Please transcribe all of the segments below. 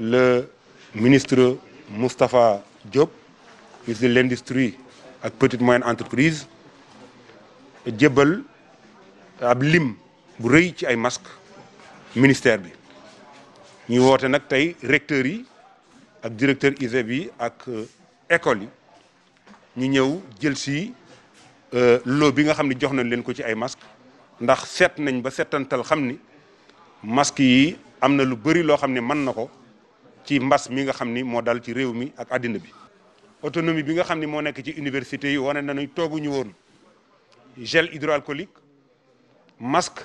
le ministre Mustafa Diop ministre de l'industrie ak petite moyenne entreprise a ab lim bu ci ay masque ministère bi ñu woté nak tay recteur yi ak directeur e ak euh, école yi jël euh, bi nga jox leen ko ci amna lu lo man nako ci mi nga dal ci ak adina bi autonomie bi nga xamni mo université yi nañu gel hydroalcoolique masque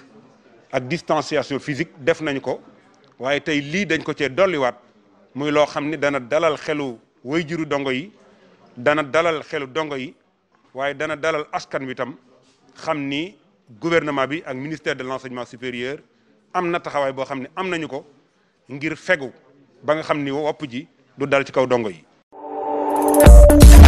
ak distanciation physique def nañ ko waye tay pour dañ ko doli wat muy dana dalal xelu dongo yi dana dalal xelu dongo yi dana dalal askan wi tam xamni gouvernement bi ak ministère de l'enseignement supérieur am na taxawaay boo xam ne am nañu ko ngir fegu ba nga xam ni wopp ji du dal ci kaw dongo yi